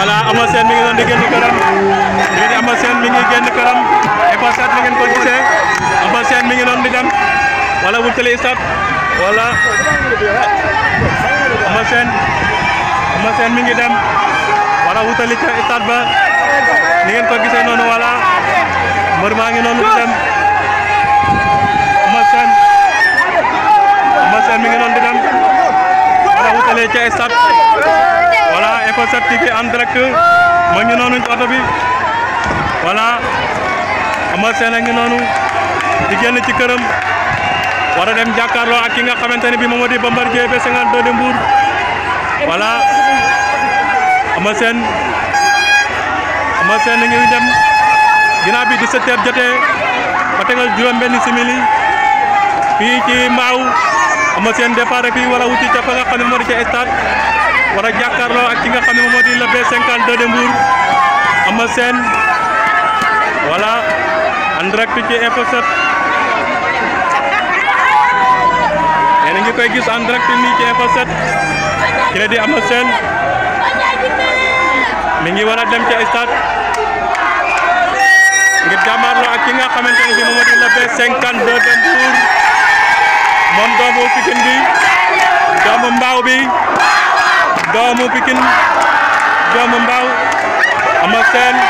voilà Eumeu Sène mi ngi di génn këram léegi Eumeu Sène mi ngi génn këram Eumeu Sène mi ngeen ko gisee Eumeu mi ngi doon di dem wala wutali stade wala mi ngi dem wala wutali ca stade ba ni ngeen ko noonu wala mbër maa ngi noonu di dem Eumeu Sène Eumeu Sène mi ngi doon di dem wala wutali ca stade. Info 7 TV en direct ma ngi noonu ci oto bi voilà Eumeu Sène a ngi noonu di génn ci këram war a dem jàkkaarloo ak ki nga xamante ne bii moom moo di Bombardier B52 de Mbour voilà Eumeu Sène Eumeu a ngi dem ginnaaw bi 17h jotee ba tegal juróom-benn simili fii ci Mbao Eumeu Sène départ fii war a ca fa nga xam ne moo di wara a jàkkaarloo ak ki nga xam ne moom di le B52 de Mbour Eumeu Sène ci Info 7 ngi koy gis en nii ci Info 7 ki di Eumeu Sène mi ngi war a dem ci stade ngir jàmmaarloo ak ki nga xamante ne si moom moo di le B52 de Mbour moom doomu Pikine bi doomu Mbaaw bi. doomu Pikine doomu Mbao Eumeu Sène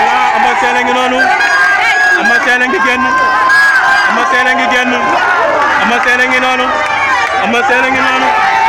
voilà Eumeu Sène a ngi noonu Eumeu Sène a ngi génn Eumeu Sène a ngi génn Eumeu Sène a a ngi noonu